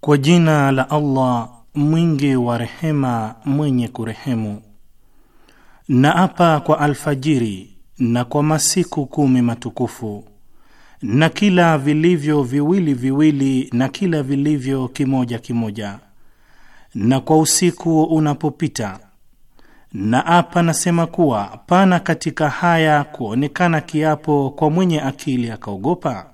Kwa jina la Allah mwingi wa rehema mwenye kurehemu. Naapa kwa alfajiri na kwa masiku kumi matukufu na kila vilivyo viwili viwili na kila vilivyo kimoja kimoja na kwa usiku unapopita na apa nasema kuwa pana katika haya kuonekana kiapo kwa mwenye akili akaogopa?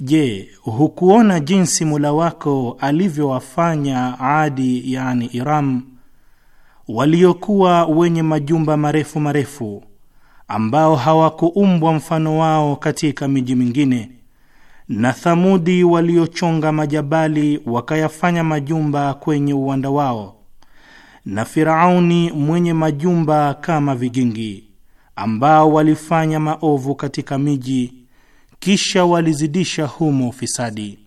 Je, hukuona jinsi mula wako alivyowafanya Adi, yani Iram, waliokuwa wenye majumba marefu marefu ambao hawakuumbwa mfano wao katika miji mingine, na Thamudi waliochonga majabali wakayafanya majumba kwenye uwanda wao na Firauni mwenye majumba kama vigingi, ambao walifanya maovu katika miji, kisha walizidisha humo ufisadi.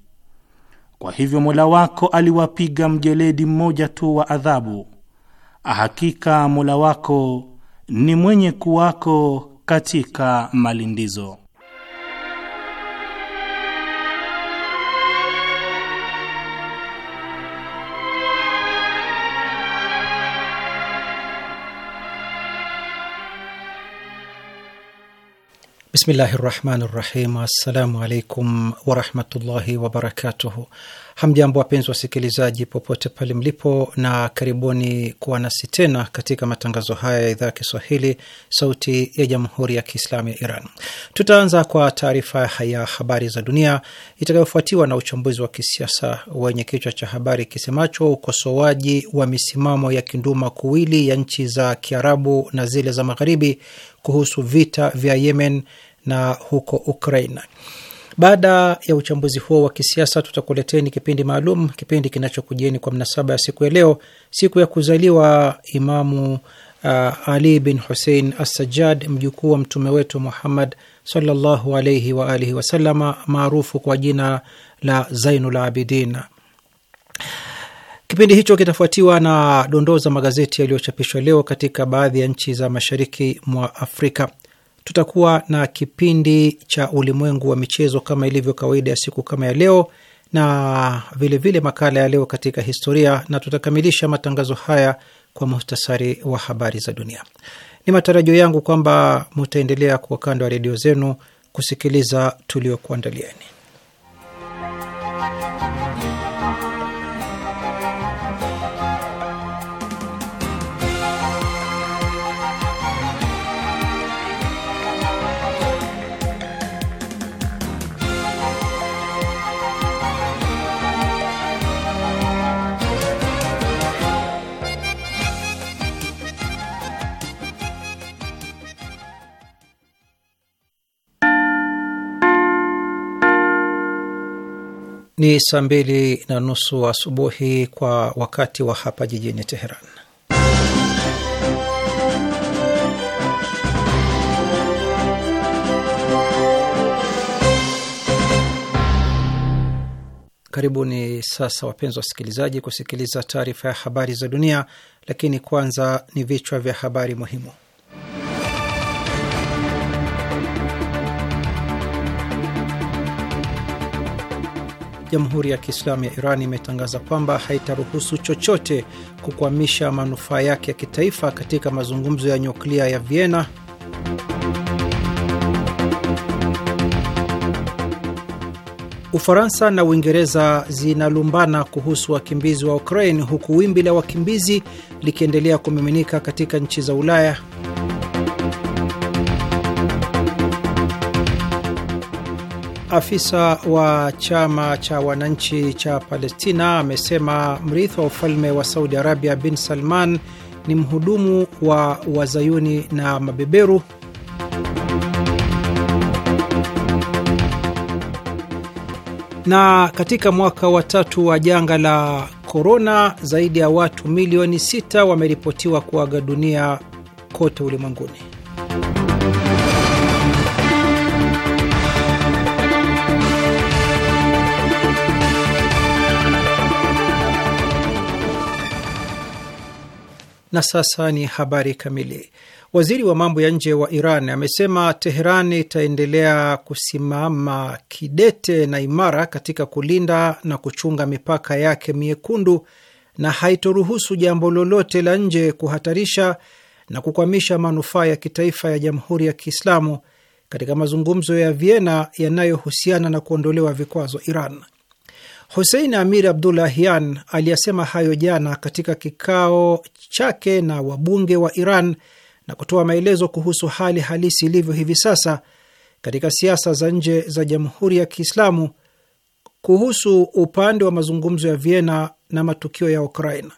Kwa hivyo Mola wako aliwapiga mjeledi mmoja tu wa adhabu. Hakika Mola wako ni mwenye kuwako katika malindizo. Bismillahi rahmani rahim. Assalamu alaikum warahmatullahi wabarakatuhu. Hamjambo wapenzi wasikilizaji, popote pale mlipo, na karibuni kuwa nasi tena katika matangazo haya ya idhaa ya Kiswahili, Sauti ya Jamhuri ya Kiislamu ya Iran. Tutaanza kwa taarifa ya habari za dunia itakayofuatiwa na uchambuzi wa kisiasa wenye kichwa cha habari kisemacho ukosoaji wa misimamo ya kinduma kuwili ya nchi za Kiarabu na zile za Magharibi kuhusu vita vya Yemen na huko Ukraina. Baada ya uchambuzi huo wa kisiasa, tutakuleteni kipindi maalum, kipindi kinachokujieni kwa mnasaba ya siku ya leo, siku ya kuzaliwa Imamu uh, Ali bin husein assajad mjukuu wa mtume wetu Muhammad sallallahu alaihi wa alihi wasalama, maarufu kwa jina la Zainul Abidin. Kipindi hicho kitafuatiwa na dondoo za magazeti yaliyochapishwa leo katika baadhi ya nchi za mashariki mwa Afrika. Tutakuwa na kipindi cha ulimwengu wa michezo kama ilivyo kawaida ya siku kama ya leo, na vilevile vile makala ya leo katika historia, na tutakamilisha matangazo haya kwa muhtasari wa habari za dunia. Ni matarajio yangu kwamba mutaendelea kuwa kando ya redio zenu kusikiliza tuliokuandaliani. Ni saa mbili na nusu asubuhi wa kwa wakati wa hapa jijini Teheran. Karibuni sasa, wapenzi wasikilizaji, kusikiliza taarifa ya habari za dunia, lakini kwanza ni vichwa vya habari muhimu. Jamhuri ya Kiislamu ya Iran imetangaza kwamba haitaruhusu chochote kukwamisha manufaa yake ya kitaifa katika mazungumzo ya nyuklia ya Vienna. Ufaransa na Uingereza zinalumbana kuhusu wakimbizi wa Ukraine huku wimbi la wakimbizi likiendelea kumiminika katika nchi za Ulaya. Afisa wa chama cha wananchi cha Palestina amesema mrithi wa ufalme wa Saudi Arabia bin Salman ni mhudumu wa wazayuni na mabeberu. Na katika mwaka wa tatu wa janga la korona, zaidi ya watu milioni sita wameripotiwa kuaga dunia kote ulimwenguni. Na sasa ni habari kamili. Waziri wa mambo ya nje wa Iran amesema Teheran itaendelea kusimama kidete na imara katika kulinda na kuchunga mipaka yake miekundu na haitoruhusu jambo lolote la nje kuhatarisha na kukwamisha manufaa ya kitaifa ya Jamhuri ya Kiislamu katika mazungumzo ya Vienna yanayohusiana na kuondolewa vikwazo Iran. Husein Amir Abdullahian aliyasema hayo jana katika kikao chake na wabunge wa Iran na kutoa maelezo kuhusu hali halisi ilivyo hivi sasa katika siasa za nje za Jamhuri ya Kiislamu kuhusu upande wa mazungumzo ya Vienna na matukio ya Ukraina.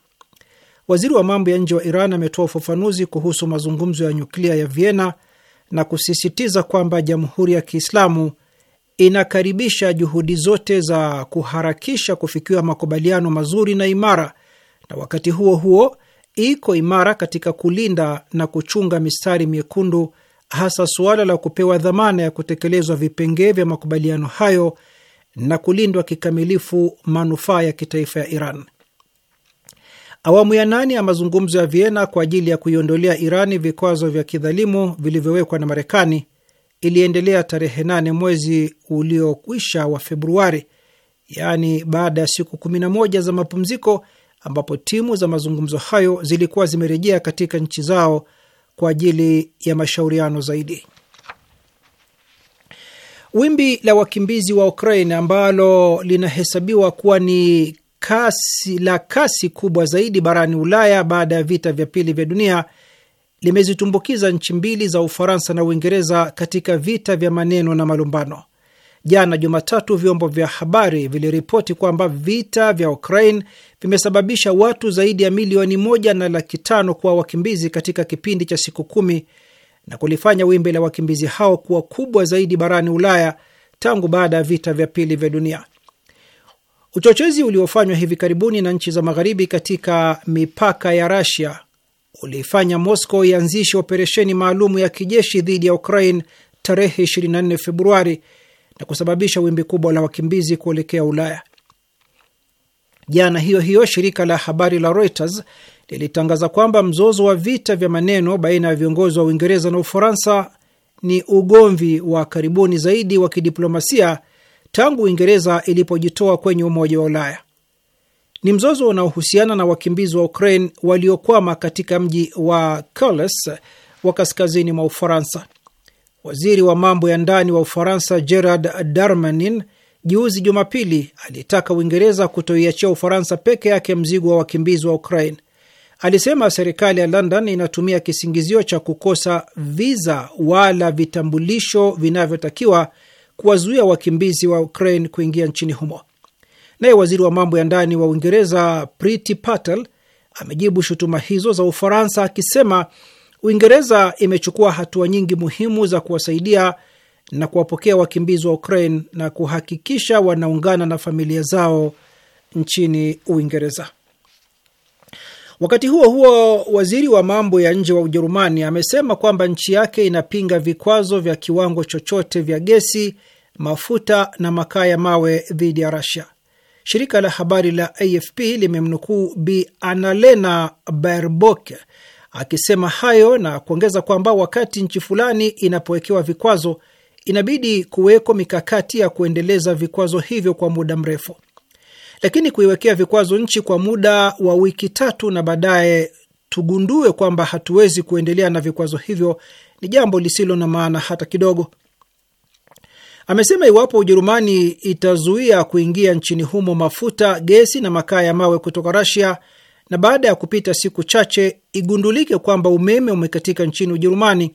Waziri wa mambo ya nje wa Iran ametoa ufafanuzi kuhusu mazungumzo ya nyuklia ya Vienna na kusisitiza kwamba Jamhuri ya Kiislamu inakaribisha juhudi zote za kuharakisha kufikiwa makubaliano mazuri na imara, na wakati huo huo iko imara katika kulinda na kuchunga mistari miekundu, hasa suala la kupewa dhamana ya kutekelezwa vipengee vya makubaliano hayo na kulindwa kikamilifu manufaa ya kitaifa ya Iran. Awamu ya nane ya mazungumzo ya Vienna kwa ajili ya kuiondolea Irani vikwazo vya kidhalimu vilivyowekwa na Marekani iliendelea tarehe nane mwezi uliokwisha wa Februari, yaani baada ya siku kumi na moja za mapumziko, ambapo timu za mazungumzo hayo zilikuwa zimerejea katika nchi zao kwa ajili ya mashauriano zaidi. Wimbi la wakimbizi wa Ukraine ambalo linahesabiwa kuwa ni kasi, la kasi kubwa zaidi barani Ulaya baada ya vita vya pili vya dunia limezitumbukiza nchi mbili za Ufaransa na Uingereza katika vita vya maneno na malumbano. Jana Jumatatu, vyombo vya habari viliripoti kwamba vita vya Ukraine vimesababisha watu zaidi ya milioni moja na laki tano kuwa wakimbizi katika kipindi cha siku kumi na kulifanya wimbi la wakimbizi hao kuwa kubwa zaidi barani Ulaya tangu baada ya vita vya pili vya dunia. Uchochezi uliofanywa hivi karibuni na nchi za magharibi katika mipaka ya Russia ulifanya Moscow ianzishe operesheni maalumu ya kijeshi dhidi ya Ukraine tarehe 24 Februari na kusababisha wimbi kubwa la wakimbizi kuelekea Ulaya. Jana hiyo hiyo shirika la habari la Reuters lilitangaza kwamba mzozo wa vita vya maneno baina ya viongozi wa Uingereza na Ufaransa ni ugomvi wa karibuni zaidi wa kidiplomasia tangu Uingereza ilipojitoa kwenye Umoja wa Ulaya. Ni mzozo unaohusiana na wakimbizi wa Ukraine waliokwama katika mji wa Calais wa kaskazini mwa Ufaransa. Waziri wa mambo ya ndani wa Ufaransa Gerard Darmanin juzi Jumapili alitaka Uingereza kutoiachia Ufaransa peke yake mzigo wa wakimbizi wa Ukraine. Alisema serikali ya London inatumia kisingizio cha kukosa viza wala vitambulisho vinavyotakiwa kuwazuia wakimbizi wa Ukraine kuingia nchini humo. Naye waziri wa mambo ya ndani wa Uingereza Priti Patel amejibu shutuma hizo za Ufaransa akisema Uingereza imechukua hatua nyingi muhimu za kuwasaidia na kuwapokea wakimbizi wa Ukraine na kuhakikisha wanaungana na familia zao nchini Uingereza. Wakati huo huo, waziri wa mambo ya nje wa Ujerumani amesema kwamba nchi yake inapinga vikwazo vya kiwango chochote vya gesi, mafuta na makaa ya mawe dhidi ya Russia. Shirika la habari la AFP limemnukuu Bi Analena Baerbock akisema hayo na kuongeza kwamba wakati nchi fulani inapowekewa vikwazo, inabidi kuweko mikakati ya kuendeleza vikwazo hivyo kwa muda mrefu, lakini kuiwekea vikwazo nchi kwa muda wa wiki tatu na baadaye tugundue kwamba hatuwezi kuendelea na vikwazo hivyo ni jambo lisilo na maana hata kidogo. Amesema iwapo Ujerumani itazuia kuingia nchini humo mafuta, gesi na makaa ya mawe kutoka Rasia, na baada ya kupita siku chache igundulike kwamba umeme umekatika nchini Ujerumani,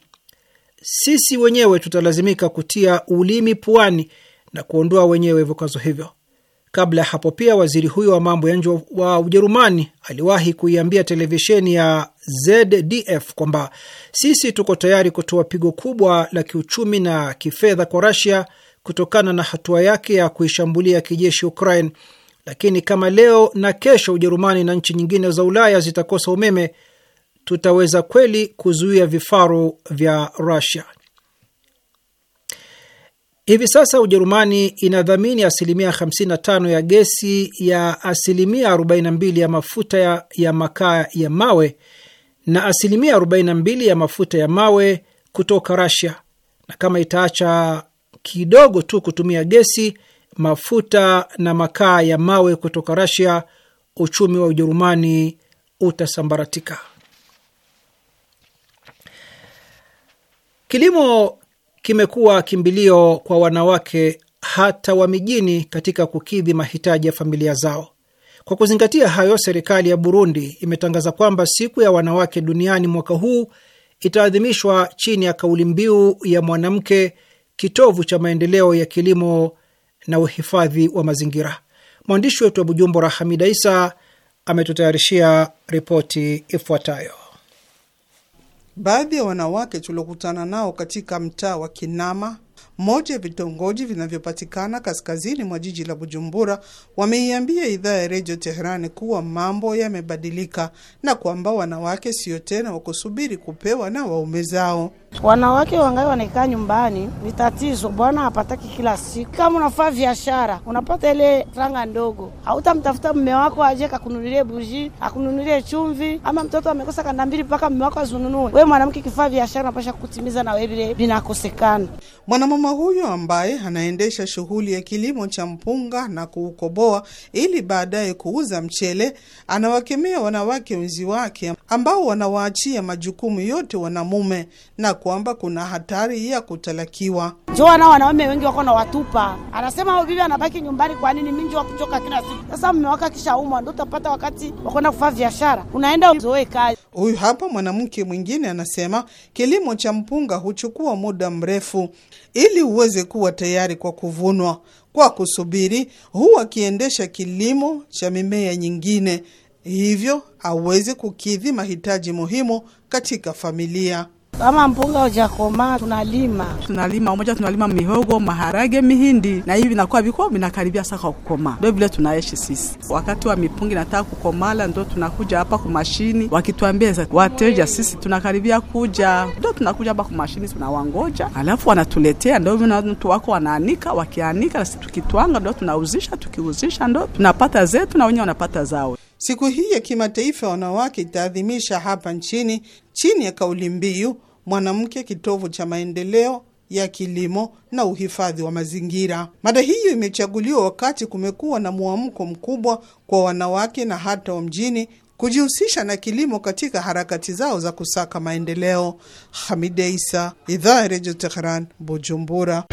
sisi wenyewe tutalazimika kutia ulimi puani na kuondoa wenyewe vikwazo hivyo. Kabla ya hapo pia waziri huyo wa mambo ya nje wa Ujerumani aliwahi kuiambia televisheni ya ZDF kwamba sisi tuko tayari kutoa pigo kubwa la kiuchumi na kifedha kwa Rasia kutokana na hatua yake ya kuishambulia kijeshi Ukraine, lakini kama leo na kesho Ujerumani na nchi nyingine za Ulaya zitakosa umeme, tutaweza kweli kuzuia vifaru vya Rasia? Hivi sasa Ujerumani inadhamini asilimia 55 ya gesi ya asilimia 42 ya mafuta ya, ya makaa ya mawe na asilimia 42 ya mafuta ya mawe kutoka Russia, na kama itaacha kidogo tu kutumia gesi, mafuta na makaa ya mawe kutoka Russia, uchumi wa Ujerumani utasambaratika. Kilimo kimekuwa kimbilio kwa wanawake hata wa mijini katika kukidhi mahitaji ya familia zao. Kwa kuzingatia hayo, serikali ya Burundi imetangaza kwamba siku ya wanawake duniani mwaka huu itaadhimishwa chini ya kauli mbiu ya mwanamke, kitovu cha maendeleo ya kilimo na uhifadhi wa mazingira. Mwandishi wetu wa Bujumbura, Hamida Isa, ametutayarishia ripoti ifuatayo. Baadhi ya wanawake tuliokutana nao katika mtaa wa Kinama moja ya vitongoji vinavyopatikana kaskazini mwa jiji la Bujumbura, wameiambia idhaa ya redio Teherani kuwa mambo yamebadilika na kwamba wanawake sio tena wakusubiri kupewa na waume zao. Wanawake wangai wanakaa nyumbani, ni tatizo. Bwana hapataki kila siku. Kama unafaa biashara, unapata ile franga ndogo, hautamtafuta mme wako aje kakununulie buji, akununulie chumvi, ama mtoto amekosa kanda mbili mpaka mme wako azununue. Wewe mwanamke, kifaa biashara, unapasha kutimiza na wewe vile vinakosekana. mwanamama Mkulima huyo ambaye anaendesha shughuli ya kilimo cha mpunga na kuukoboa ili baadaye kuuza mchele, anawakemea wanawake wenzi wake ambao wanawaachia majukumu yote wanamume na kwamba kuna hatari ya kutalakiwa. Njoa na wanaume wengi wako na watupa, anasema huyu bibi anabaki nyumbani, kwa nini minji wa kuchoka kila siku? Sasa mume wake umwa, ndio utapata wakati wakwenda kufaa biashara, unaenda uzoe kazi. Huyu hapa mwanamke mwingine anasema kilimo cha mpunga huchukua muda mrefu ili uweze kuwa tayari kwa kuvunwa. Kwa kusubiri, huwa akiendesha kilimo cha mimea nyingine hivyo hawezi kukidhi mahitaji muhimu katika familia. Kama mpunga ujakoma tunalima tunalima umoja, tunalima mihogo, maharage, mihindi na hivi vinakuwa viko vinakaribia kwa kukoma, ndio vile tunaishi sisi. Wakati wa mipungi nataka kukomala, ndo tunakuja hapa kwa mashini, wakituambia wateja sisi tunakaribia kuja, ndo tunakuja hapa kwa mashini, tunawangoja, alafu wanatuletea, ndio watu wako wanaanika, wakianika, sisi tukitwanga, ndo tunauzisha, tukiuzisha, ndo tunapata zetu na wenyewe wanapata zao. Siku hii ya kimataifa ya wanawake itaadhimisha hapa nchini chini ya kauli mbiu mwanamke kitovu cha maendeleo ya kilimo na uhifadhi wa mazingira. Mada hiyo imechaguliwa wakati kumekuwa na mwamko mkubwa kwa wanawake na hata wa mjini kujihusisha na kilimo katika harakati zao za kusaka maendeleo. Hamida Isa, Idhaa ya Redio Tehran, Bujumbura.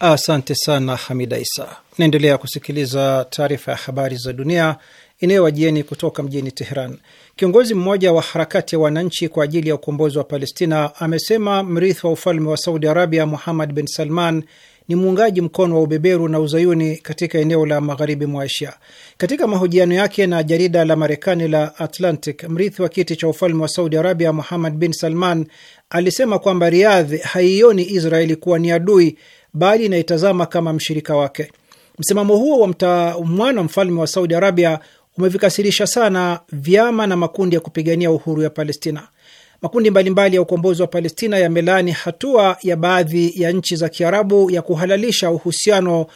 Asante sana Hamida Isa. Naendelea kusikiliza taarifa ya habari za dunia inayowajieni kutoka mjini Teheran. Kiongozi mmoja wa harakati ya wananchi kwa ajili ya ukombozi wa Palestina amesema mrithi wa ufalme wa Saudi Arabia Muhammad bin Salman ni muungaji mkono wa ubeberu na uzayuni katika eneo la magharibi mwa Asia. Katika mahojiano yake na jarida la Marekani la Atlantic, mrithi wa kiti cha ufalme wa Saudi Arabia Muhammad bin Salman alisema kwamba Riadhi haiioni Israeli kuwa ni adui bali inaitazama kama mshirika wake. Msimamo huo wa mtamwana mfalme wa Saudi Arabia umevikasirisha sana vyama na makundi ya kupigania uhuru ya Palestina. Makundi mbalimbali ya ukombozi wa Palestina yamelaani hatua ya baadhi ya nchi za Kiarabu ya kuhalalisha uhusiano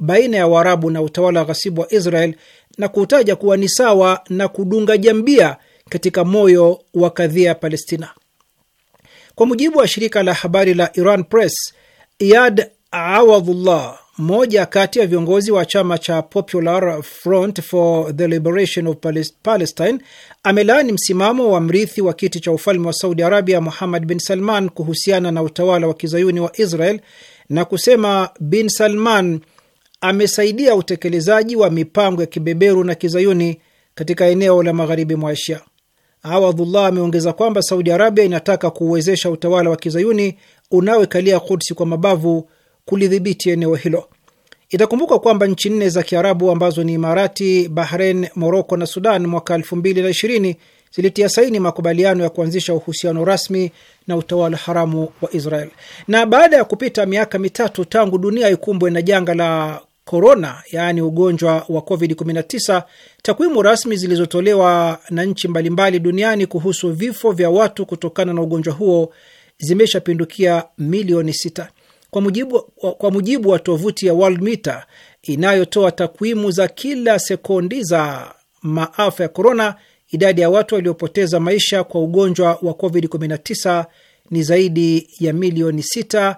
baina ya Waarabu na utawala ghasibu wa Israel na kuutaja kuwa ni sawa na kudunga jambia katika moyo wa kadhia ya Palestina. Kwa mujibu wa shirika la habari la Iran Press, Iyad Awadhullah, mmoja kati ya viongozi wa chama cha Popular Front for the Liberation of Palestine, amelaani msimamo wa mrithi wa kiti cha ufalme wa Saudi Arabia Muhammad bin Salman kuhusiana na utawala wa kizayuni wa Israel na kusema bin Salman amesaidia utekelezaji wa mipango ya kibeberu na kizayuni katika eneo la magharibi mwa Asia. Awadhullah ameongeza kwamba Saudi Arabia inataka kuuwezesha utawala wa kizayuni unaoikalia Kudsi kwa mabavu kulidhibiti eneo hilo. Itakumbuka kwamba nchi nne za Kiarabu ambazo ni Imarati, Bahrein, Moroko na Sudan mwaka ishirini zilitia saini makubaliano ya kuanzisha uhusiano rasmi na utawala haramu wa Israel. Na baada ya kupita miaka mitatu tangu dunia ikumbwe na janga la korona, yaani ugonjwa wa COVID-19, takwimu rasmi zilizotolewa na nchi mbalimbali duniani kuhusu vifo vya watu kutokana na ugonjwa huo zimeshapindukia milioni sita. Kwa mujibu, kwa mujibu wa tovuti ya Worldmeter inayotoa takwimu za kila sekundi za maafa ya korona, idadi ya watu waliopoteza maisha kwa ugonjwa wa COVID-19 ni zaidi ya milioni 6,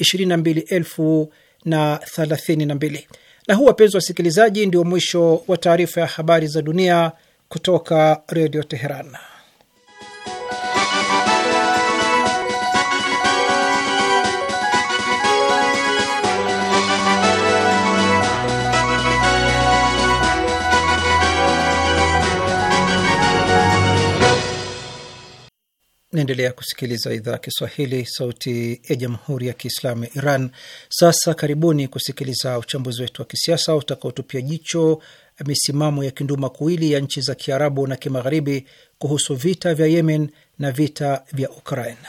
22 elfu na 32. Na huu, wapenzi wasikilizaji, ndio mwisho wa taarifa ya habari za dunia kutoka Redio Teheran. Naendelea kusikiliza idhaa ya Kiswahili, sauti ya jamhuri ya kiislamu ya Iran. Sasa karibuni kusikiliza uchambuzi wetu wa kisiasa utakaotupia jicho misimamo ya kinduma kuwili ya nchi za kiarabu na kimagharibi kuhusu vita vya Yemen na vita vya Ukraina.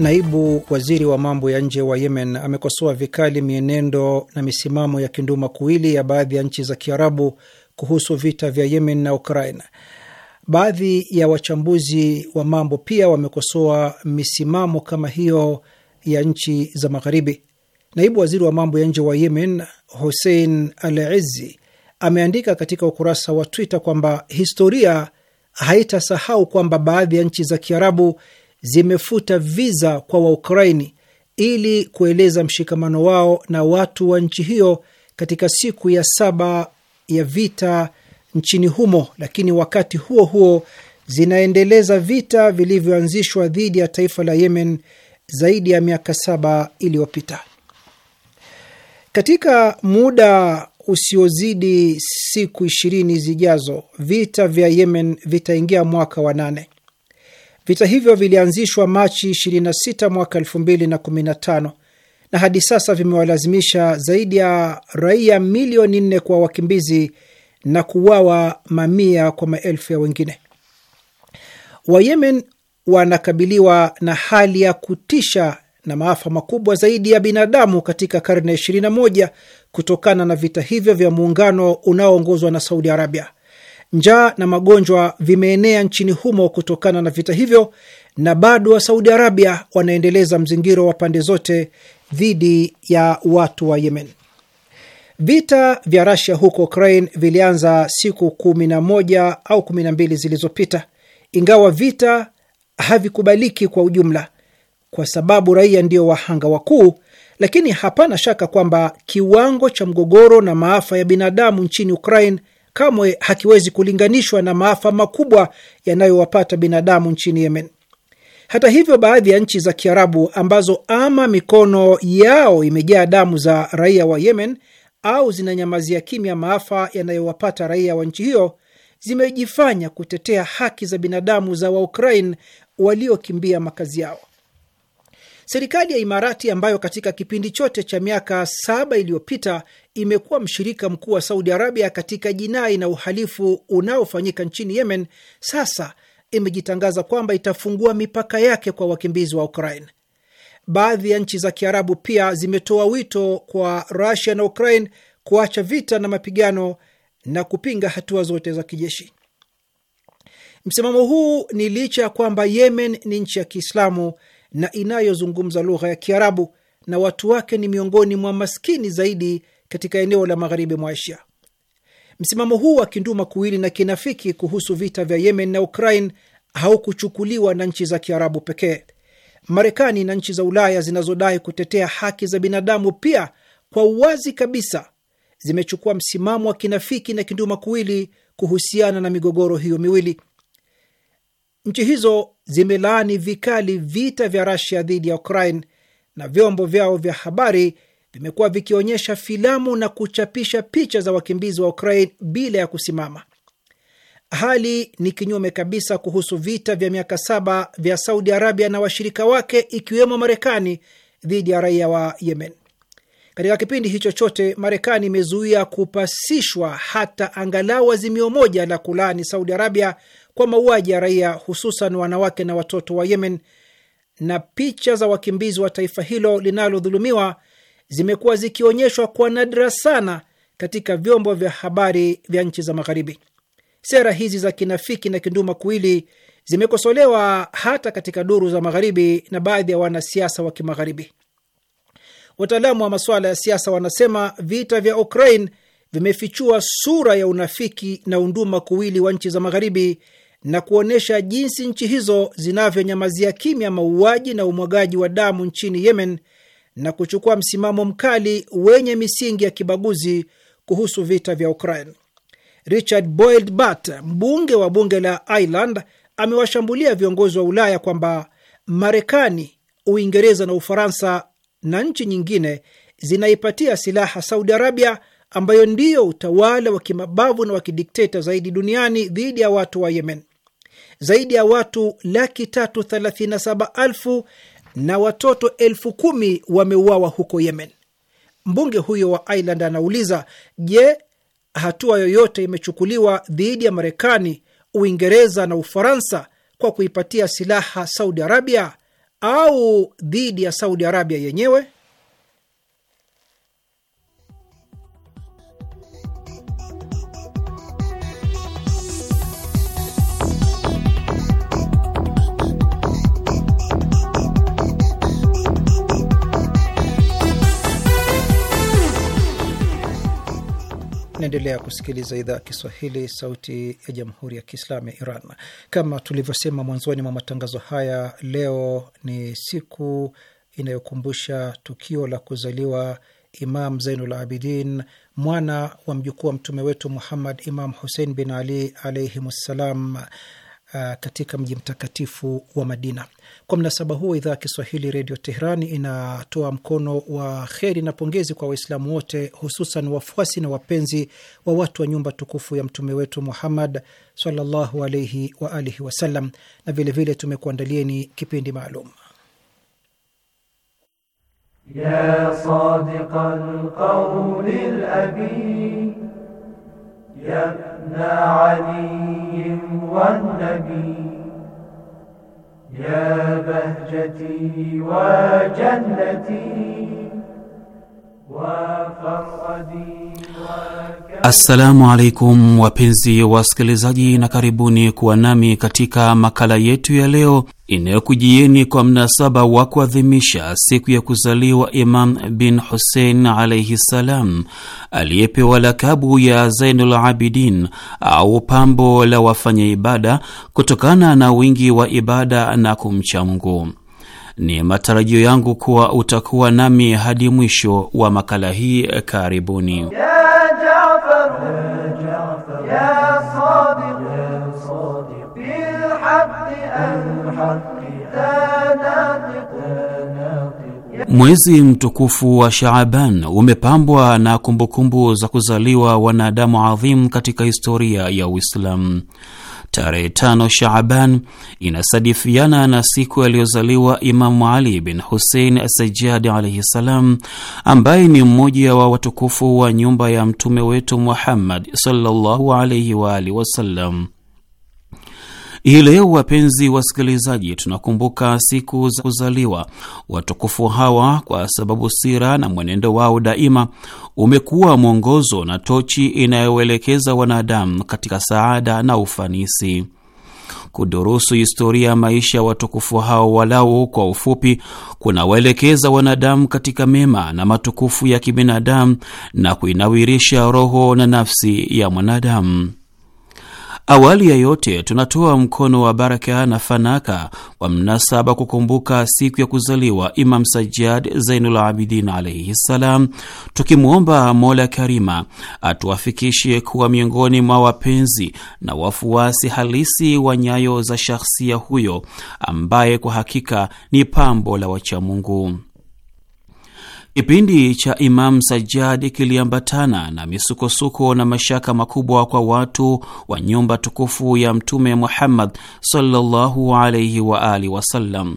Naibu waziri wa mambo ya nje wa Yemen amekosoa vikali mienendo na misimamo ya kinduma kuwili ya baadhi ya nchi za Kiarabu kuhusu vita vya Yemen na Ukraina. Baadhi ya wachambuzi wa mambo pia wamekosoa misimamo kama hiyo ya nchi za Magharibi. Naibu waziri wa mambo ya nje wa Yemen Hussein Al-Izzi ameandika katika ukurasa wa Twitter kwamba historia haitasahau kwamba baadhi ya nchi za Kiarabu zimefuta viza kwa Waukraini ili kueleza mshikamano wao na watu wa nchi hiyo katika siku ya saba ya vita nchini humo, lakini wakati huo huo zinaendeleza vita vilivyoanzishwa dhidi ya taifa la Yemen zaidi ya miaka saba iliyopita. Katika muda usiozidi siku ishirini zijazo, vita vya Yemen vitaingia mwaka wa nane. Vita hivyo vilianzishwa Machi 26 mwaka 2015 na hadi sasa vimewalazimisha zaidi ya raia milioni nne kwa wakimbizi na kuuawa mamia kwa maelfu ya wengine. Wayemen wanakabiliwa na hali ya kutisha na maafa makubwa zaidi ya binadamu katika karne ya 21 kutokana na vita hivyo vya muungano unaoongozwa na Saudi Arabia njaa na magonjwa vimeenea nchini humo kutokana na vita hivyo, na bado wa Saudi Arabia wanaendeleza mzingiro wa pande zote dhidi ya watu wa Yemen. Vita vya rasia huko Ukraine vilianza siku kumi na moja au kumi na mbili zilizopita, ingawa vita havikubaliki kwa ujumla kwa sababu raia ndio wahanga wakuu, lakini hapana shaka kwamba kiwango cha mgogoro na maafa ya binadamu nchini Ukraine kamwe hakiwezi kulinganishwa na maafa makubwa yanayowapata binadamu nchini Yemen. Hata hivyo, baadhi ya nchi za Kiarabu ambazo ama mikono yao imejaa damu za raia wa Yemen au zinanyamazia kimya maafa yanayowapata raia wa nchi hiyo zimejifanya kutetea haki za binadamu za Waukraine waliokimbia makazi yao. Serikali ya Imarati ambayo katika kipindi chote cha miaka saba iliyopita imekuwa mshirika mkuu wa Saudi Arabia katika jinai na uhalifu unaofanyika nchini Yemen, sasa imejitangaza kwamba itafungua mipaka yake kwa wakimbizi wa Ukraine. Baadhi ya nchi za Kiarabu pia zimetoa wito kwa Rusia na Ukraine kuacha vita na mapigano na kupinga hatua zote za kijeshi. Msimamo huu ni licha ya kwamba Yemen ni nchi ya Kiislamu na inayozungumza lugha ya Kiarabu na watu wake ni miongoni mwa maskini zaidi katika eneo la magharibi mwa Asia. Msimamo huu wa kinduma kuwili na kinafiki kuhusu vita vya Yemen na Ukraine haukuchukuliwa na nchi za Kiarabu pekee. Marekani na nchi za Ulaya zinazodai kutetea haki za binadamu pia kwa uwazi kabisa zimechukua msimamo wa kinafiki na kinduma kuwili kuhusiana na migogoro hiyo miwili. Nchi hizo zimelaani vikali vita vya rasia dhidi ya Ukraine na vyombo vyao vya habari vimekuwa vikionyesha filamu na kuchapisha picha za wakimbizi wa Ukraine bila ya kusimama. Hali ni kinyume kabisa kuhusu vita vya miaka saba vya Saudi Arabia na washirika wake ikiwemo Marekani dhidi ya raia wa Yemen. Katika kipindi hicho chote, Marekani imezuia kupasishwa hata angalau azimio moja la kulaani Saudi Arabia kwa mauaji ya raia, hususan wanawake na watoto wa Yemen, na picha za wakimbizi wa taifa hilo linalodhulumiwa zimekuwa zikionyeshwa kwa nadra sana katika vyombo vya habari vya nchi za Magharibi. Sera hizi za kinafiki na kinduma kuili zimekosolewa hata katika duru za Magharibi na baadhi ya wanasiasa wa Kimagharibi. Wataalamu wa masuala ya siasa wanasema vita vya Ukraine vimefichua sura ya unafiki na unduma kuwili wa nchi za Magharibi na kuonyesha jinsi nchi hizo zinavyonyamazia kimya mauaji na umwagaji wa damu nchini Yemen na kuchukua msimamo mkali wenye misingi ya kibaguzi kuhusu vita vya Ukraine. Richard Boyd Bat, mbunge wa bunge la Ireland, amewashambulia viongozi wa Ulaya kwamba Marekani, Uingereza na Ufaransa na nchi nyingine zinaipatia silaha Saudi Arabia ambayo ndiyo utawala wa kimabavu na wa kidikteta zaidi duniani dhidi ya watu wa Yemen. Zaidi ya watu laki tatu thelathini na saba elfu na watoto elfu kumi wameuawa huko Yemen. Mbunge huyo wa Ireland anauliza, je, hatua yoyote imechukuliwa dhidi ya Marekani, Uingereza na Ufaransa kwa kuipatia silaha Saudi Arabia au dhidi ya Saudi Arabia yenyewe? Naendelea kusikiliza idhaa ya Kiswahili, sauti ya jamhuri ya kiislamu ya Iran. Kama tulivyosema mwanzoni mwa matangazo haya, leo ni siku inayokumbusha tukio la kuzaliwa Imam Zainul Abidin, mwana wa mjukuu wa mtume wetu Muhammad, Imam Husein bin Ali alaihimssalam uh, katika mji mtakatifu wa Madina. Kwa mnasaba huo, idhaa ya Kiswahili Redio Teherani inatoa mkono wa kheri na pongezi kwa Waislamu wote, hususan wafuasi na wapenzi wa watu wa nyumba tukufu ya mtume wetu Muhammad sallallahu alaihi wa alihi wasallam, na vilevile tumekuandalieni kipindi maalum ya ابن علي والنبي يا بهجتي وجنتي Assalamu alaikum wapenzi wasikilizaji, na karibuni kuwa nami katika makala yetu ya leo inayokujieni kwa mnasaba wa kuadhimisha siku ya kuzaliwa Imam bin Hussein alaihi ssalam, aliyepewa lakabu ya Zainul Abidin au pambo la wafanya ibada kutokana na wingi wa ibada na kumcha Mungu. Ni matarajio yangu kuwa utakuwa nami hadi mwisho wa makala hii. Karibuni Mwezi mtukufu wa Shaaban umepambwa na kumbukumbu za kuzaliwa wanadamu adhimu katika historia ya Uislamu tarehe tano Shaaban inasadifiana na siku aliyozaliwa Imamu Ali bin Husein Asajadi alaihi salam, ambaye ni mmoja wa watukufu wa nyumba ya mtume wetu Muhammad sallallahu alaihi waalihi wasallam. Hii leo wapenzi wasikilizaji, tunakumbuka siku za kuzaliwa watukufu hawa, kwa sababu sira na mwenendo wao daima umekuwa mwongozo na tochi inayoelekeza wanadamu katika saada na ufanisi. Kudurusu historia ya maisha ya watukufu hao walau kwa ufupi, kunawaelekeza wanadamu katika mema na matukufu ya kibinadamu na kuinawirisha roho na nafsi ya mwanadamu. Awali ya yote tunatoa mkono wa baraka na fanaka wa mnasaba kukumbuka siku ya kuzaliwa Imam Sajjad Zainul Abidin alaihi ssalam, tukimwomba Mola Karima atuafikishe kuwa miongoni mwa wapenzi na wafuasi halisi wa nyayo za shakhsia huyo ambaye kwa hakika ni pambo la wachamungu. Kipindi cha Imam Sajjad kiliambatana na misukosuko na mashaka makubwa kwa watu wa nyumba tukufu ya Mtume Muhammad sallallahu alaihi wa alihi wasallam.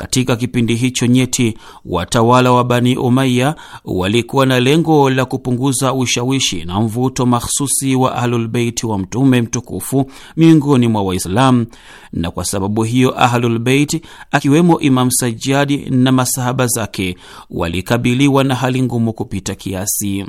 Katika kipindi hicho nyeti, watawala wa Bani Umaya walikuwa na lengo la kupunguza ushawishi na mvuto makhsusi wa Ahlulbeiti wa Mtume mtukufu miongoni mwa Waislamu, na kwa sababu hiyo Ahlulbeiti akiwemo Imam Sajjadi na masahaba zake walikabiliwa na hali ngumu kupita kiasi.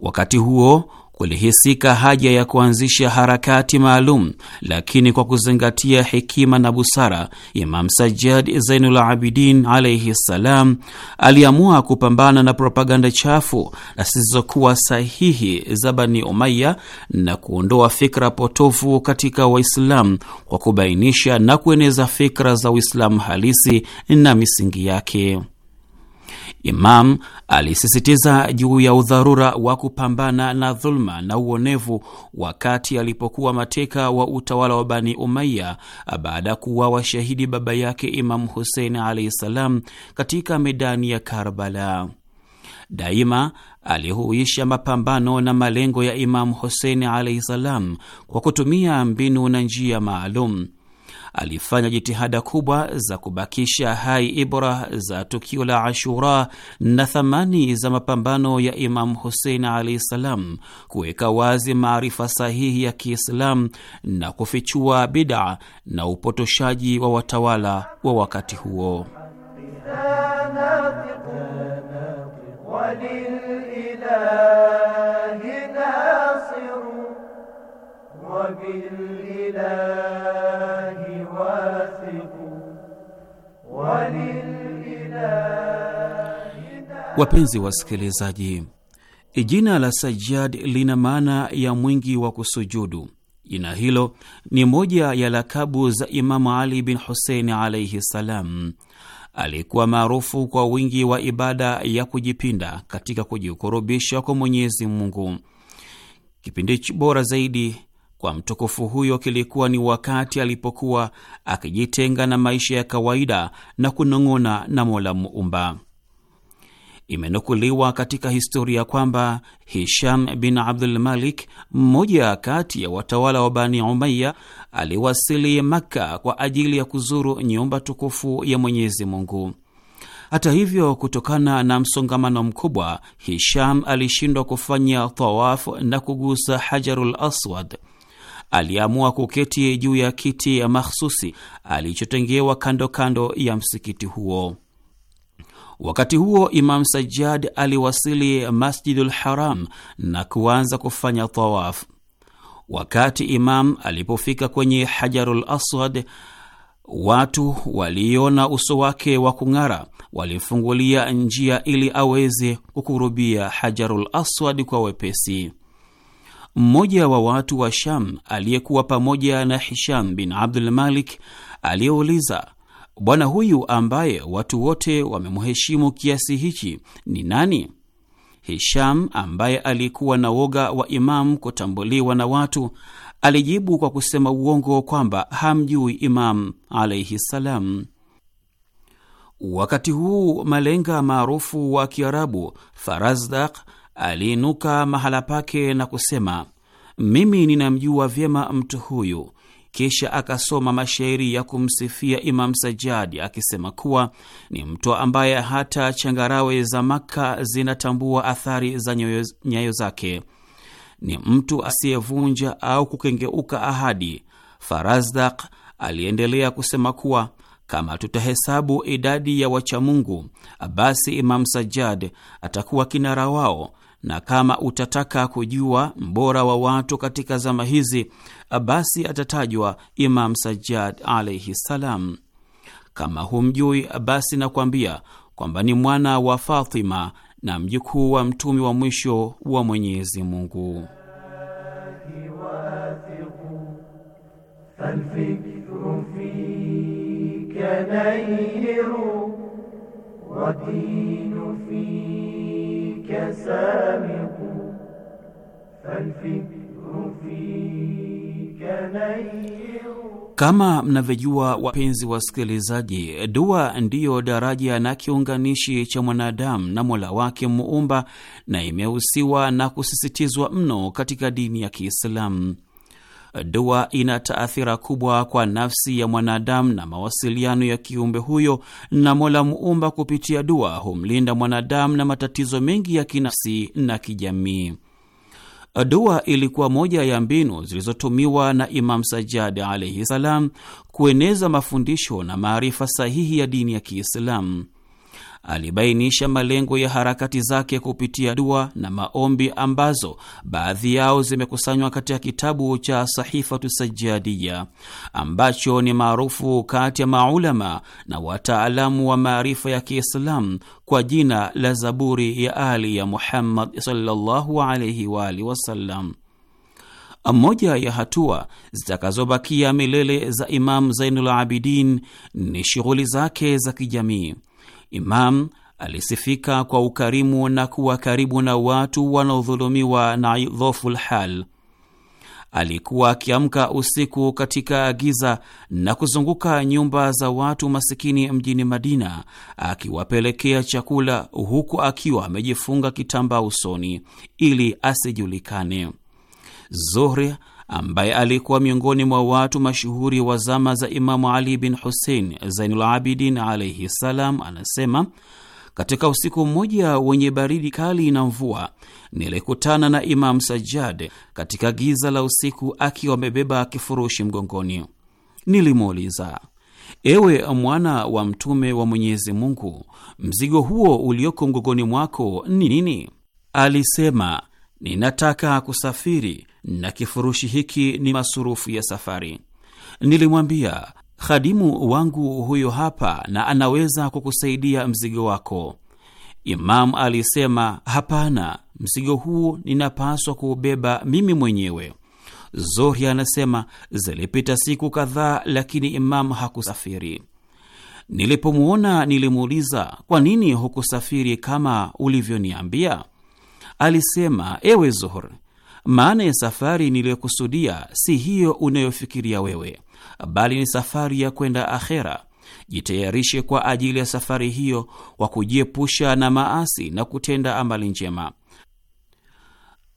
Wakati huo kulihisika haja ya kuanzisha harakati maalum, lakini kwa kuzingatia hekima na busara, Imam Sajjad Zainul Abidin alaihi ssalam aliamua kupambana na propaganda chafu na zisizokuwa sahihi za Bani Umaya na kuondoa fikra potofu katika Waislamu kwa kubainisha na kueneza fikra za Uislamu halisi na misingi yake. Imam alisisitiza juu ya udharura wa kupambana na dhuluma na uonevu wakati alipokuwa mateka wa utawala wa Bani Umaya baada ya kuwa shahidi baba yake Imamu Husein alaihi salam katika medani ya Karbala. Daima alihuisha mapambano na malengo ya Imamu Husein alaihi ssalam kwa kutumia mbinu na njia maalum alifanya jitihada kubwa za kubakisha hai ibra za tukio la Ashura na thamani za mapambano ya Imamu Husein alahi salam, kuweka wazi maarifa sahihi ya Kiislamu na kufichua bidaa na upotoshaji wa watawala wa wakati huo. Wapenzi wasikilizaji, jina la Sajjad lina maana ya mwingi wa kusujudu. Jina hilo ni moja ya lakabu za Imamu Ali bin Husein alaihi salam. Alikuwa maarufu kwa wingi wa ibada ya kujipinda katika kujikurubisha kwa Mwenyezi Mungu. Kipindi bora zaidi kwa mtukufu huyo kilikuwa ni wakati alipokuwa akijitenga na maisha ya kawaida na kunong'ona na Mola Muumba. Imenukuliwa katika historia kwamba Hisham bin Abdul Malik, mmoja kati ya watawala wa Bani Umaya, aliwasili Makka kwa ajili ya kuzuru nyumba tukufu ya Mwenyezi Mungu. Hata hivyo, kutokana na msongamano mkubwa, Hisham alishindwa kufanya tawafu na kugusa Hajarul Aswad aliamua kuketi juu ya kiti ya mahsusi alichotengewa kando kando ya msikiti huo. Wakati huo Imam Sajjad aliwasili Masjidul Haram na kuanza kufanya tawaf. Wakati Imam alipofika kwenye Hajarul Aswad, watu waliona uso wake wa kung'ara, walimfungulia njia ili aweze kukurubia Hajarul Aswad kwa wepesi. Mmoja wa watu wa Sham aliyekuwa pamoja na Hisham bin Abdul Malik aliyeuliza, bwana huyu ambaye watu wote wamemheshimu kiasi hichi ni nani? Hisham ambaye alikuwa na woga wa Imamu kutambuliwa na watu alijibu kwa kusema uongo kwamba hamjui Imamu alaihi salam. Wakati huu malenga maarufu wa Kiarabu Farazdak aliinuka mahala pake na kusema, mimi ninamjua vyema mtu huyu. Kisha akasoma mashairi ya kumsifia Imam Sajadi akisema kuwa ni mtu ambaye hata changarawe za Maka zinatambua athari za nyayo zake. Ni mtu asiyevunja au kukengeuka ahadi. Farazdak aliendelea kusema kuwa kama tutahesabu idadi ya wachamungu, basi Imam Sajad atakuwa kinara wao na kama utataka kujua mbora wa watu katika zama hizi, basi atatajwa Imam Sajjad alaihi salam. Kama humjui, basi nakwambia kwamba ni mwana wa Fatima na mjukuu wa mtumi wa mwisho wa Mwenyezi Mungu. سامق فالفكر فيك نير kama mnavyojua wapenzi wasikilizaji, dua ndiyo daraja na kiunganishi cha mwanadamu na mola wake Muumba, na imehusiwa na kusisitizwa mno katika dini ya Kiislamu. Dua ina taathira kubwa kwa nafsi ya mwanadamu na mawasiliano ya kiumbe huyo na Mola Muumba. Kupitia dua humlinda mwanadamu na matatizo mengi ya kinafsi na kijamii. Dua ilikuwa moja ya mbinu zilizotumiwa na Imam Sajjad alaihi salam kueneza mafundisho na maarifa sahihi ya dini ya Kiislamu alibainisha malengo ya harakati zake kupitia dua na maombi ambazo baadhi yao zimekusanywa katika kitabu cha Sahifatu sajadiya ambacho ni maarufu kati ya maulama na wataalamu wa maarifa ya Kiislamu kwa jina la Zaburi ya Ali ya Muhammad sallallahu alaihi wa alihi wasallam. Moja ya hatua zitakazobakia milele za Imamu Zainul Abidin ni shughuli zake za kijamii. Imam alisifika kwa ukarimu na kuwa karibu na watu wanaodhulumiwa na idhoful hal. Alikuwa akiamka usiku katika giza na kuzunguka nyumba za watu masikini mjini Madina akiwapelekea chakula, huku akiwa amejifunga kitambaa usoni ili asijulikane. Zuhri ambaye alikuwa miongoni mwa watu mashuhuri wa zama za Imamu Ali bin Hussein Zainul Abidin alaihi salam, anasema katika usiku mmoja wenye baridi kali na mvua nilikutana na Imamu Sajjad katika giza la usiku akiwa amebeba kifurushi mgongoni. Nilimuuliza, ewe mwana wa mtume wa Mwenyezi Mungu, mzigo huo ulioko mgongoni mwako ni nini? Alisema, ninataka kusafiri na kifurushi hiki ni masurufu ya safari. Nilimwambia khadimu wangu huyo hapa, na anaweza kukusaidia mzigo wako. Imamu alisema hapana, mzigo huu ninapaswa kuubeba mimi mwenyewe. Zohri anasema zilipita siku kadhaa, lakini imamu hakusafiri. Nilipomwona nilimuuliza, kwa nini hukusafiri kama ulivyoniambia? Alisema, ewe Zohri, maana ya safari niliyokusudia si hiyo unayofikiria wewe, bali ni safari ya kwenda akhera. Jitayarishe kwa ajili ya safari hiyo kwa kujiepusha na maasi na kutenda amali njema.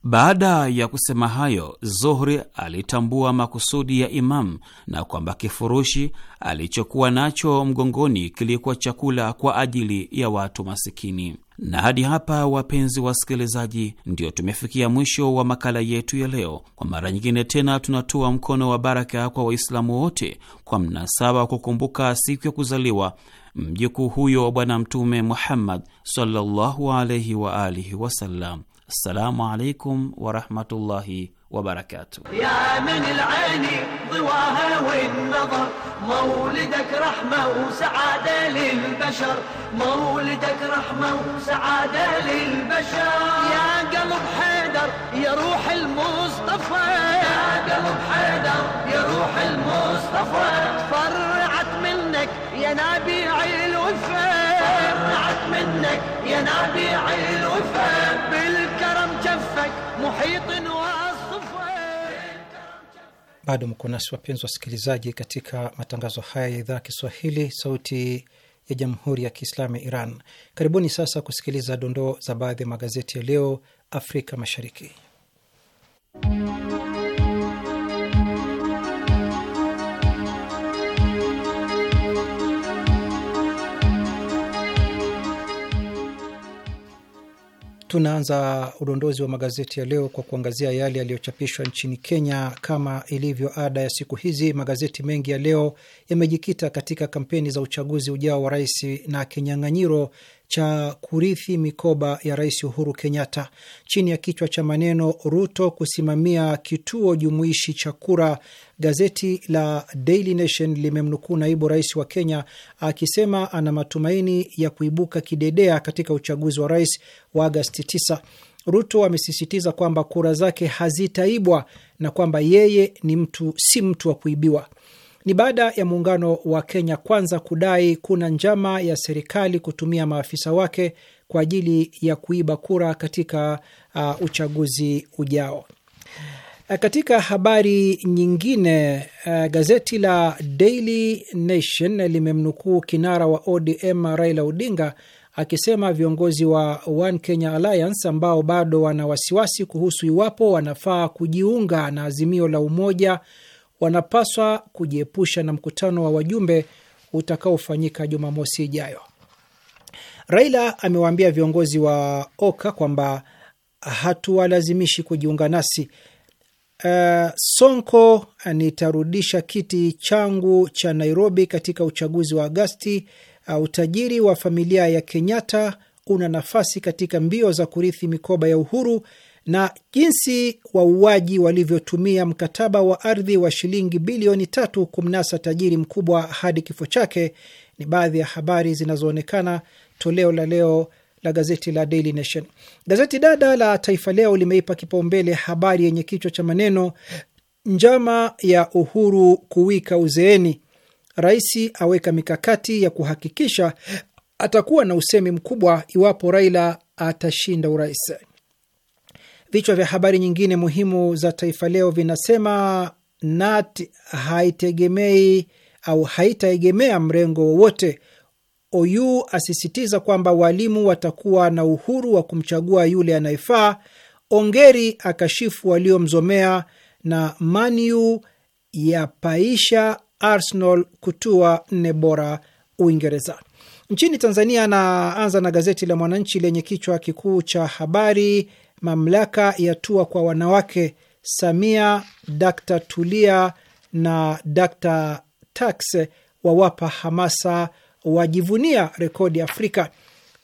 Baada ya kusema hayo, Zuhri alitambua makusudi ya Imamu na kwamba kifurushi alichokuwa nacho mgongoni kilikuwa chakula kwa ajili ya watu masikini. Na hadi hapa, wapenzi wasikilizaji, ndio tumefikia mwisho wa makala yetu ya leo. Kwa mara nyingine tena, tunatoa mkono wa baraka kwa Waislamu wote kwa mnasaba wa kukumbuka siku ya kuzaliwa mjukuu huyo wa Bwana Mtume Muhammad sallallahu alaihi wa alihi wasallam. Assalamu alaikum warahmatullahi وبركاته يا من العين ضواها والنظر مولدك رحمة وسعادة للبشر مولدك رحمة وسعادة للبشر يا قلب حيدر يا روح المصطفى يا قلب حيدر يا روح المصطفى فرعت منك يا نبيع الوفا فرعت منك يا نبيع الوفا بالكرم كفك محيط وارض Bado mko nasi wapenzi wasikilizaji, katika matangazo haya ya idhaa ya Kiswahili, sauti ya jamhuri ya kiislamu ya Iran. Karibuni sasa kusikiliza dondoo za baadhi ya magazeti ya leo Afrika Mashariki. Tunaanza udondozi wa magazeti ya leo kwa kuangazia yale yaliyochapishwa nchini Kenya. Kama ilivyo ada ya siku hizi, magazeti mengi ya leo yamejikita katika kampeni za uchaguzi ujao wa rais na kinyang'anyiro cha kurithi mikoba ya Rais Uhuru Kenyatta chini ya kichwa cha maneno Ruto kusimamia kituo jumuishi cha kura Gazeti la Daily Nation limemnukuu naibu rais wa Kenya akisema ana matumaini ya kuibuka kidedea katika uchaguzi wa rais wa Agasti 9. Ruto amesisitiza kwamba kura zake hazitaibwa na kwamba yeye ni mtu, si mtu wa kuibiwa. Ni baada ya muungano wa Kenya Kwanza kudai kuna njama ya serikali kutumia maafisa wake kwa ajili ya kuiba kura katika uh, uchaguzi ujao. Eh, katika habari nyingine, uh, gazeti la Daily Nation limemnukuu kinara wa ODM Raila Odinga akisema viongozi wa One Kenya Alliance ambao bado wana wasiwasi kuhusu iwapo wanafaa kujiunga na azimio la umoja wanapaswa kujiepusha na mkutano wa wajumbe utakaofanyika Jumamosi ijayo. Raila amewaambia viongozi wa OKA kwamba hatuwalazimishi kujiunga nasi, Uh, Sonko nitarudisha kiti changu cha Nairobi katika uchaguzi wa Agasti. Uh, eh, utajiri wa familia ya Kenyatta una nafasi katika mbio za kurithi mikoba ya Uhuru, na jinsi wauaji walivyotumia mkataba wa ardhi wa shilingi bilioni tatu kumnasa tajiri mkubwa hadi kifo chake ni baadhi ya habari zinazoonekana toleo la leo la gazeti la Daily Nation. Gazeti dada la Taifa Leo limeipa kipaumbele habari yenye kichwa cha maneno njama ya Uhuru kuwika uzeeni, rais aweka mikakati ya kuhakikisha atakuwa na usemi mkubwa iwapo Raila atashinda urais. Vichwa vya habari nyingine muhimu za Taifa Leo vinasema NAT haitegemei au haitaegemea mrengo wowote, OU asisitiza kwamba walimu watakuwa na uhuru wa kumchagua yule anayefaa. Ongeri akashifu waliomzomea na ya yapaisha Arsenal kutua nne bora Uingereza. Nchini Tanzania, anaanza na gazeti la Mwananchi lenye kichwa kikuu cha habari, mamlaka yatua kwa wanawake, Samia, Dkt Tulia na Dkt Tax wawapa hamasa wajivunia rekodi Afrika.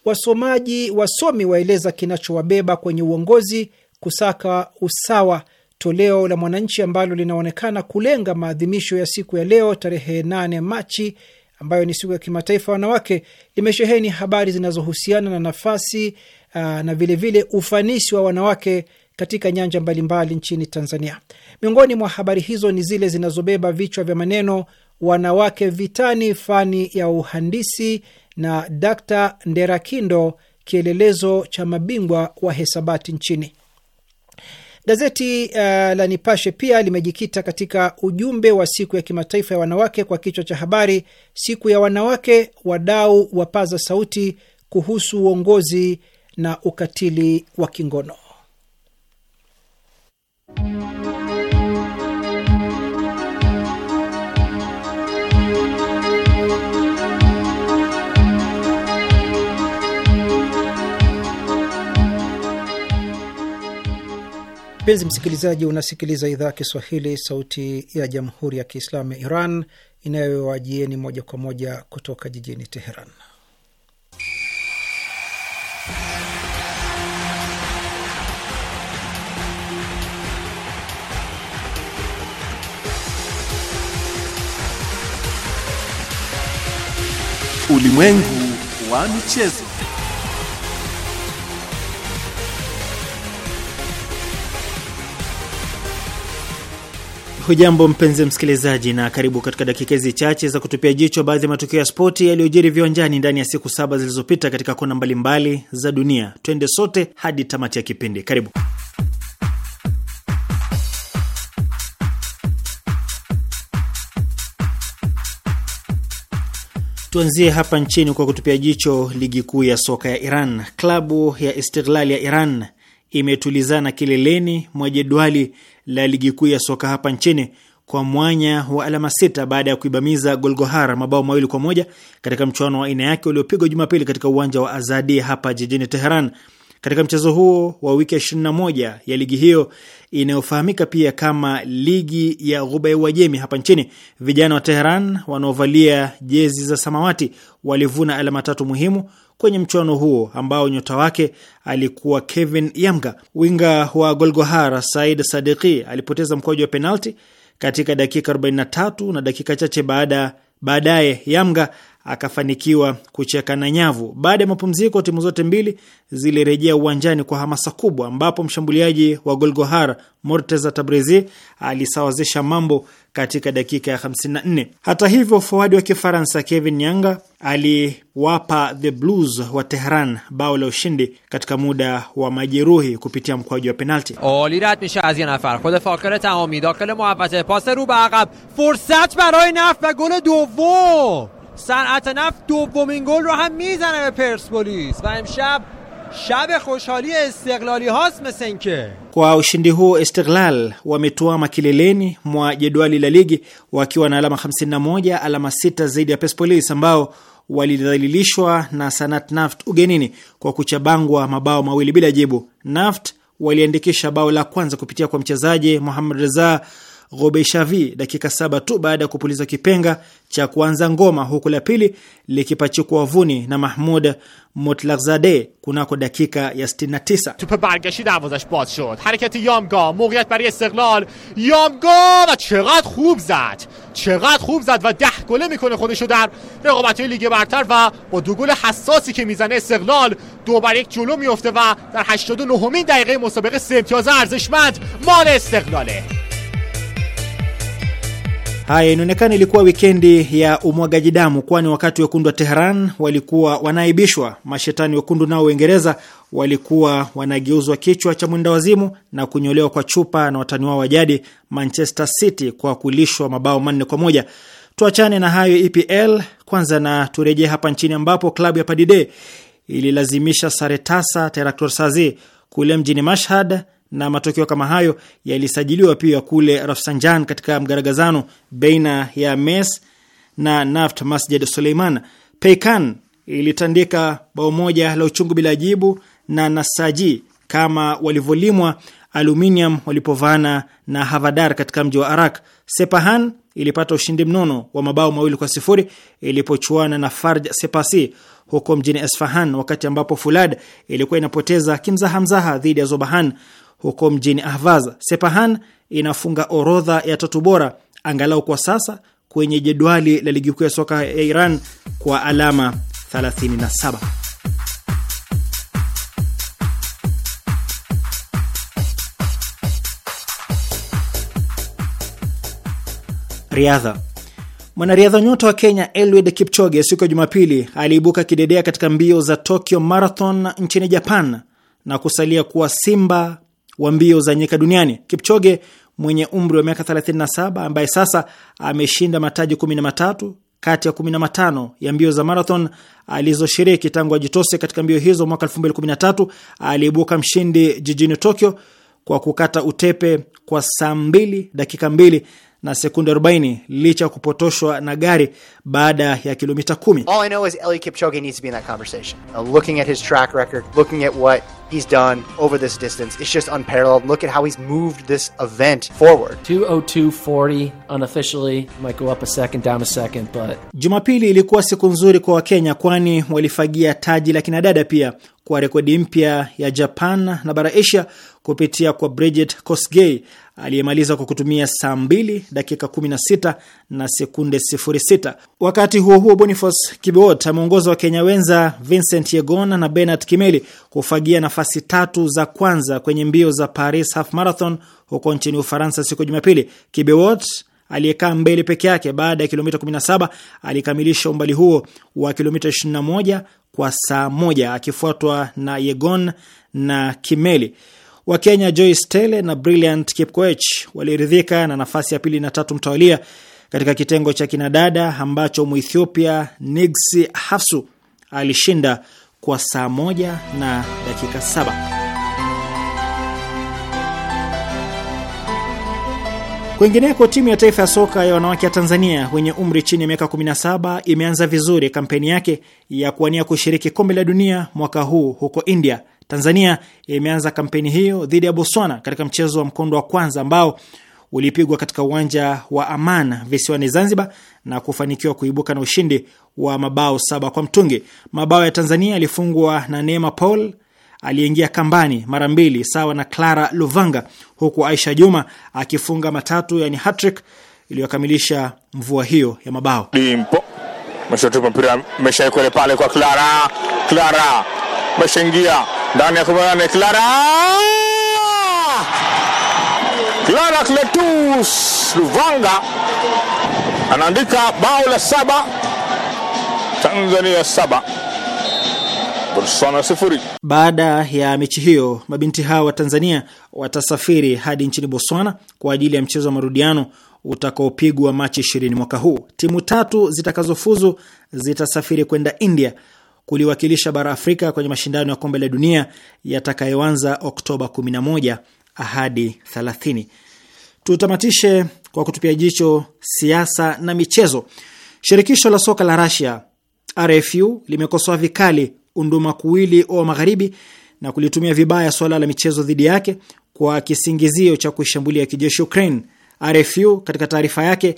Wasomaji wasomi waeleza kinachowabeba kwenye uongozi, kusaka usawa. Toleo la Mwananchi ambalo linaonekana kulenga maadhimisho ya siku ya leo tarehe 8 Machi ambayo ni siku ya kimataifa wanawake, limesheheni habari zinazohusiana na nafasi uh, na vilevile vile ufanisi wa wanawake katika nyanja mbalimbali mbali nchini Tanzania. Miongoni mwa habari hizo ni zile zinazobeba vichwa vya maneno wanawake vitani fani ya uhandisi na ndera Nderakindo kielelezo cha mabingwa wa hesabati nchini. Gazeti uh, la Nipashe pia limejikita katika ujumbe wa siku ya kimataifa ya wanawake kwa kichwa cha habari, siku ya wanawake, wadau wapaza sauti kuhusu uongozi na ukatili wa kingono. Mpenzi msikilizaji, unasikiliza idhaa ya Kiswahili, sauti ya jamhuri ya kiislamu ya Iran inayowajieni moja kwa moja kutoka jijini Teheran. Ulimwengu wa michezo. Hujambo mpenzi msikilizaji, na karibu katika dakika hizi chache za kutupia jicho baadhi ya matukio ya spoti yaliyojiri viwanjani ndani ya siku saba zilizopita katika kona mbalimbali za dunia. Twende sote hadi tamati ya kipindi. Karibu. Tuanzie hapa nchini kwa kutupia jicho ligi kuu ya soka ya Iran. Klabu ya Istiklal ya Iran imetulizana kileleni mwa jedwali la ligi kuu ya soka hapa nchini kwa mwanya wa alama sita baada ya kuibamiza Golgohara mabao mawili kwa moja katika mchuano wa aina yake uliopigwa Jumapili katika uwanja wa Azadi hapa jijini Teheran. Katika mchezo huo wa wiki ya 21 ya ligi hiyo inayofahamika pia kama ligi ya Ghuba ya Uajemi hapa nchini. Vijana wa Teheran wanaovalia jezi za samawati walivuna alama tatu muhimu kwenye mchuano huo ambao nyota wake alikuwa Kevin Yamga. Winga wa Golgohara Said Sadiki alipoteza mkwaju wa penalti katika dakika 43 na dakika chache baada baadaye Yamga akafanikiwa kuchekana nyavu. Baada ya mapumziko, timu zote mbili zilirejea uwanjani kwa hamasa kubwa, ambapo mshambuliaji wa Golgohar Morteza Tabrezi alisawazisha mambo katika dakika ya 54. Hata hivyo, fawadi wa Kifaransa Kevin Nyanga aliwapa the Blues wa Tehran bao la ushindi katika muda wa majeruhi kupitia mkwaju wa penalti. ali rad mishe az ye nafar khod fakir tamami dakil muhabbate pas ru be fursat baraye naft gol dovom صنعت نفت دومین گل رو هم میزنه به پرسپولیس و امشب شب خوشحالی استقلالی هاست مثل اینکه kwa ushindi huo istiklal wametuama kileleni mwa jedwali la ligi wakiwa na alama 51, alama 6 zaidi ya Persepolis ambao walidhalilishwa na Sanat Naft ugenini kwa kuchabangwa mabao mawili bila jibu. Naft waliandikisha bao la kwanza kupitia kwa mchezaji Muhammad Reza Gobeshavi dakika saba tu baada ya kupuliza kipenga cha kuanza ngoma, huku la pili likipachikwa wavuni na Mahmud Motlakzade kunako dakika ya 69. Tup bargashi darvazash baz shod harakati yamga moghiyat bari istiqlal yamga va chegad khub zad chegad khub zad va 10 gole mikone khudesho dar raqabat lige bartar va ba du gol hassasi ke mizane istiqlal do bar yek جلو miofte va dar 89 daqiqe مسابقه سه imtiyaz arzeshmand mal istiqlale Haya, inaonekana ilikuwa wikendi ya umwagaji damu, kwani wakati wekundu wa Teheran walikuwa wanaaibishwa, mashetani wekundu nao Uingereza walikuwa wanageuzwa kichwa cha mwenda wazimu na kunyolewa kwa chupa na watani wao wa jadi Manchester City kwa kulishwa mabao manne kwa moja. Tuachane na hayo EPL kwanza na turejee hapa nchini ambapo klabu ya Padide ililazimisha sare tasa Teraktor Sazi kule mjini Mashhad na matokeo kama hayo yalisajiliwa pia kule Rafsanjan katika mgaragazano baina ya MES na Naft Masjid Suleiman. Peikan ilitandika bao moja la uchungu bila jibu na Nasaji kama walivyolimwa Aluminium walipovaana na Havadar katika mji wa Arak. Sepahan ilipata ushindi mnono wa mabao mawili kwa sifuri ilipochuana na Farj Sepasi huko mjini Esfahan, wakati ambapo Fulad ilikuwa inapoteza kimzahamzaha dhidi ya Zobahan huko mjini Ahvaz. Sepahan inafunga orodha ya tatu bora angalau kwa sasa kwenye jedwali la ligi kuu ya soka ya Iran kwa alama 37. Riadha. Mwanariadha nyota wa Kenya Eliud Kipchoge siku ya Jumapili aliibuka kidedea katika mbio za Tokyo Marathon nchini Japan na kusalia kuwa simba wa mbio za nyika duniani. Kipchoge mwenye umri wa miaka 37 ambaye sasa ameshinda mataji 13 kati ya 15 ya mbio za marathon alizoshiriki tangu ajitose katika mbio hizo mwaka 2013, aliibuka mshindi jijini Tokyo kwa kukata utepe kwa saa 2 dakika 2 na sekunde 40 licha ya kupotoshwa na gari baada ya kilomita kumi. All I know is Eliud Kipchoge needs to be in that conversation. Uh, looking at his track record, looking at what he's done over this distance, it's just unparalleled. Look at how he's moved this event forward. 202.40 unofficially might go up a second down a second but. Jumapili ilikuwa siku nzuri kwa Wakenya kwani walifagia taji la kinadada pia kwa rekodi mpya ya Japan na bara Asia kupitia kwa Bridget Kosgei aliyemaliza kwa kutumia saa 2 dakika 16 na sekunde 06. Wakati huo huo, Boniface Kibiwot ameongoza Wakenya wenza Vincent Yegona na Bernard Kimeli kufagia nafasi tatu za kwanza kwenye mbio za Paris Half Marathon huko nchini Ufaransa siku ya Jumapili. Kibiwot aliyekaa mbele peke yake baada ya kilomita 17 alikamilisha umbali huo wa kilomita 21 kwa saa moja akifuatwa na Yegon na Kimeli wa kenya Joyce Tele na Brilliant Kipkoech waliridhika na nafasi ya pili na tatu mtawalia katika kitengo cha kinadada ambacho Mwethiopia Nigsi Hafsu alishinda kwa saa moja na dakika saba. Kwingineko, timu ya taifa ya soka ya wanawake ya Tanzania wenye umri chini ya miaka 17 imeanza vizuri kampeni yake ya kuwania kushiriki kombe la dunia mwaka huu huko India. Tanzania imeanza kampeni hiyo dhidi ya Botswana katika mchezo wa mkondo wa kwanza ambao ulipigwa katika uwanja wa Amana visiwani Zanzibar na kufanikiwa kuibuka na ushindi wa mabao saba kwa mtungi. Mabao ya Tanzania yalifungwa na Neema Paul aliyeingia kambani mara mbili sawa na Clara Luvanga, huku Aisha Juma akifunga matatu, yani hattrick iliyokamilisha mvua hiyo ya mabao. Dimpo mpira, pale kwa Clara. Clara Mashengia ndani ya kubanane, Clara Clara Kletus Luvanga anaandika bao la saba, Tanzania saba Botswana sifuri. Baada ya mechi hiyo, mabinti hawa wa Tanzania watasafiri hadi nchini Botswana kwa ajili ya mchezo wa marudiano utakaopigwa Machi 20 mwaka huu. Timu tatu zitakazofuzu zitasafiri kwenda India kuliwakilisha bara Afrika kwenye mashindano ya kombe la dunia yatakayoanza Oktoba 11 hadi 30. Tutamatishe kwa kutupia jicho siasa na michezo. Shirikisho la soka la Russia RFU limekosoa vikali unduma kuwili wa magharibi na kulitumia vibaya suala la michezo dhidi yake kwa kisingizio cha kuishambulia kijeshi Ukraine. RFU katika taarifa yake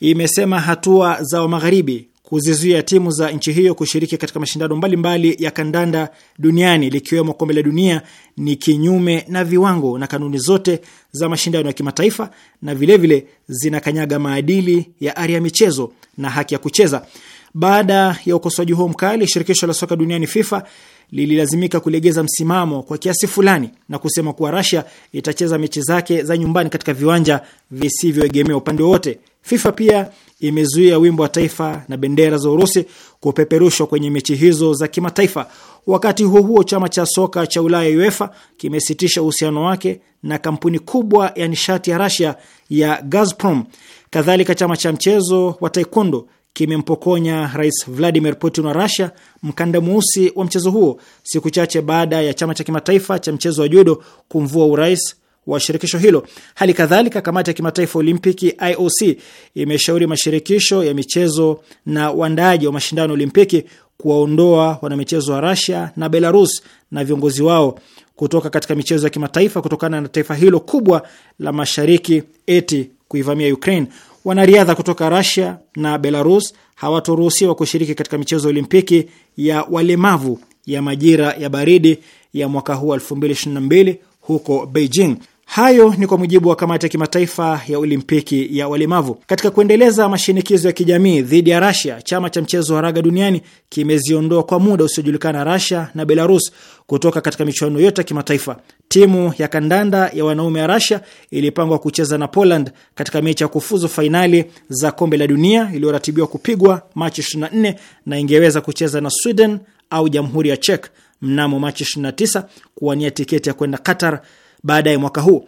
imesema hatua za wa magharibi kuzizuia timu za nchi hiyo kushiriki katika mashindano mbalimbali ya kandanda duniani likiwemo kombe la dunia ni kinyume na viwango na kanuni zote za mashindano ya kimataifa na vilevile zinakanyaga maadili ya ari ya michezo na haki ya kucheza. Baada ya ukosoaji huo mkali, shirikisho la soka duniani FIFA lililazimika kulegeza msimamo kwa kiasi fulani na kusema kuwa Russia itacheza mechi zake za nyumbani katika viwanja visivyoegemea upande wowote. FIFA pia imezuia wimbo wa taifa na bendera za Urusi kupeperushwa kwenye mechi hizo za kimataifa. Wakati huo huo, chama cha soka cha Ulaya UEFA kimesitisha uhusiano wake na kampuni kubwa ya nishati ya Russia ya Gazprom. Kadhalika, chama cha mchezo wa taekwondo kimempokonya Rais Vladimir Putin wa Russia mkanda mweusi wa mchezo huo siku chache baada ya chama cha kimataifa cha mchezo wa judo kumvua urais wa shirikisho hilo. Hali kadhalika, kamati ya kimataifa olimpiki IOC imeshauri mashirikisho ya michezo na uandaaji wa mashindano olimpiki kuwaondoa wanamichezo wa Russia na Belarus na viongozi wao kutoka katika michezo ya kimataifa kutokana na taifa hilo kubwa la mashariki eti kuivamia Ukraine. Wanariadha kutoka Russia na Belarus hawatoruhusiwa kushiriki katika michezo ya olimpiki ya walemavu ya majira ya baridi ya mwaka huu 2022 huko Beijing. Hayo ni kwa mujibu wa kamati ya kimataifa ya olimpiki ya walemavu. Katika kuendeleza mashinikizo ya kijamii dhidi ya Rasia, chama cha mchezo wa raga duniani kimeziondoa kwa muda usiojulikana Rasia na Belarus kutoka katika michuano yote ya kimataifa. Timu ya kandanda ya wanaume ya Rasia ilipangwa kucheza na Poland katika mechi ya kufuzu fainali za kombe la dunia iliyoratibiwa kupigwa Machi 24 na ingeweza kucheza na Sweden au jamhuri ya Czech mnamo Machi 29 kuwania tiketi ya kwenda Qatar baadaye mwaka huu.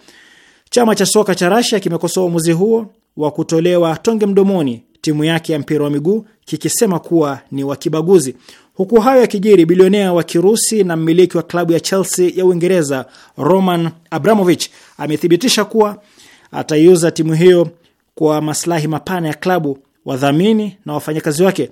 Chama cha soka cha Rasia kimekosoa uamuzi huo wa kutolewa tonge mdomoni timu yake ya mpira wa miguu kikisema kuwa ni wakibaguzi. Huku hayo yakijiri, bilionea wa Kirusi na mmiliki wa klabu ya Chelsea ya Uingereza Roman Abramovich amethibitisha kuwa ataiuza timu hiyo kwa maslahi mapana ya klabu, wadhamini na wafanyakazi wake.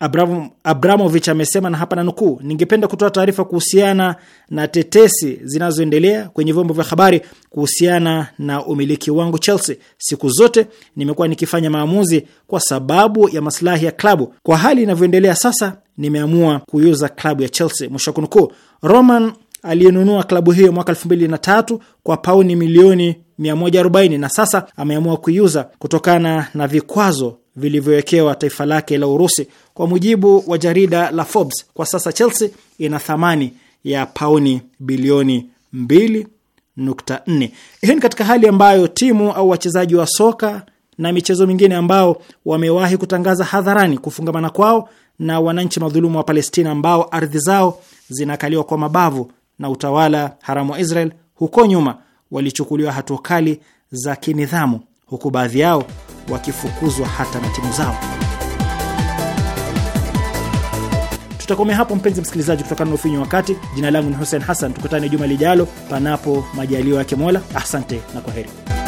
Abram, Abramovich amesema na hapa na nukuu, ningependa kutoa taarifa kuhusiana na tetesi zinazoendelea kwenye vyombo vya habari kuhusiana na umiliki wangu Chelsea. Siku zote nimekuwa nikifanya maamuzi kwa sababu ya maslahi ya klabu. Kwa hali inavyoendelea sasa, nimeamua kuiuza klabu ya Chelsea, mwisho wa kunukuu. Roman aliyenunua klabu hiyo mwaka tatu kwa pauni milioni 140 na sasa ameamua kuiuza kutokana na vikwazo vilivyowekewa taifa lake la Urusi. Kwa mujibu wa jarida la Forbes, kwa sasa Chelsea ina thamani ya pauni bilioni 2.4. Hii ni katika hali ambayo timu au wachezaji wa soka na michezo mingine ambao wamewahi kutangaza hadharani kufungamana kwao na wananchi madhulumu wa Palestina ambao ardhi zao zinakaliwa kwa mabavu na utawala haramu wa Israel, huko nyuma walichukuliwa hatua kali za kinidhamu huku baadhi yao wakifukuzwa hata na timu zao. Tutakomea hapo mpenzi msikilizaji, kutokana na ufinyu wakati. Jina langu ni Hussein Hassan, tukutane juma lijalo, panapo majalio yake Mola. Asante na kwa heri.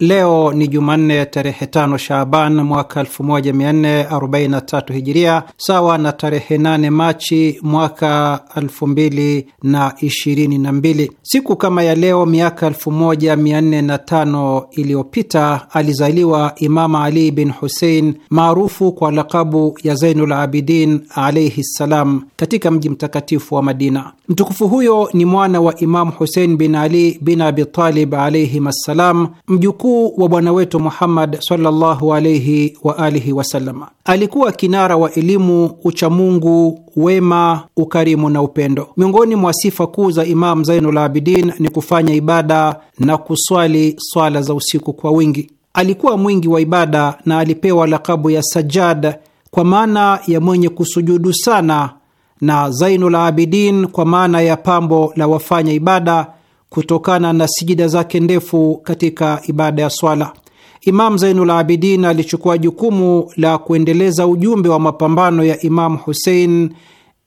Leo ni Jumanne tarehe tano Shaaban mwaka 1443 Hijiria, sawa na tarehe 8 Machi mwaka 2022. Siku kama ya leo miaka 1405 iliyopita alizaliwa Imama Ali bin Husein maarufu kwa lakabu ya Zainul Abidin alaihi ssalam, katika mji mtakatifu wa Madina. Mtukufu huyo ni mwana wa Imamu Husein bin Ali bin Abitalib alaihim assalam, mjukuu mjukuu wa bwana wetu Muhammad sallallahu alaihi wa alihi wasallam. Alikuwa kinara wa elimu, uchamungu, wema, ukarimu na upendo. Miongoni mwa sifa kuu za imamu Zainul Abidin ni kufanya ibada na kuswali swala za usiku kwa wingi. Alikuwa mwingi wa ibada na alipewa lakabu ya Sajad kwa maana ya mwenye kusujudu sana, na Zainul Abidin kwa maana ya pambo la wafanya ibada kutokana na sijida zake ndefu katika ibada ya swala. Imam Zainul Abidin alichukua jukumu la kuendeleza ujumbe wa mapambano ya Imamu Husein